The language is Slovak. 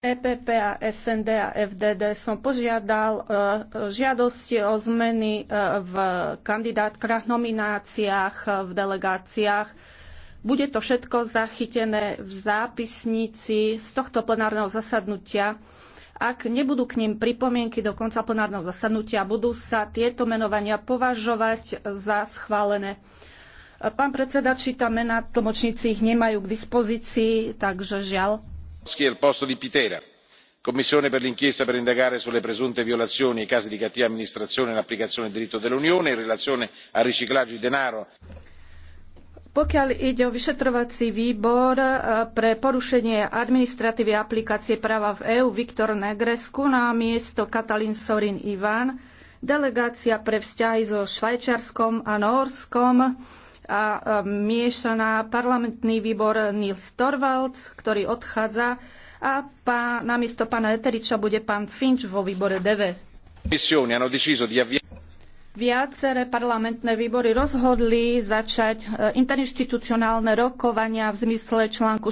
EPP a SND a FDD som požiadal e, žiadosti o zmeny e, v kandidátkach, nomináciách, e, v delegáciách. Bude to všetko zachytené v zápisnici z tohto plenárneho zasadnutia. Ak nebudú k ním pripomienky do konca plenárneho zasadnutia, budú sa tieto menovania považovať za schválené. Pán predseda, číta mena, tlmočníci ich nemajú k dispozícii, takže žiaľ al posto di pitera commissione per l'inchiesta per indagare sulle presunte violazioni e i casi di cattiva amministrazione nell'applicazione del diritto dell'unione in relazione al riciclaggio di denaro pokiaľ ide o vyšetrovací výbor eh, pre porušenie administratívy a aplikácie práva v eú viktor negrescu na miesto katalin sorin ivan delegácia pre vzťahy so švajčiarskom a nórskom a e, miešaná parlamentný výbor Nils Torvalds, ktorý odchádza a pá, namiesto pána Eteriča bude pán Finč vo výbore DV. Viaceré parlamentné výbory rozhodli začať e, interinstitucionálne rokovania v zmysle článku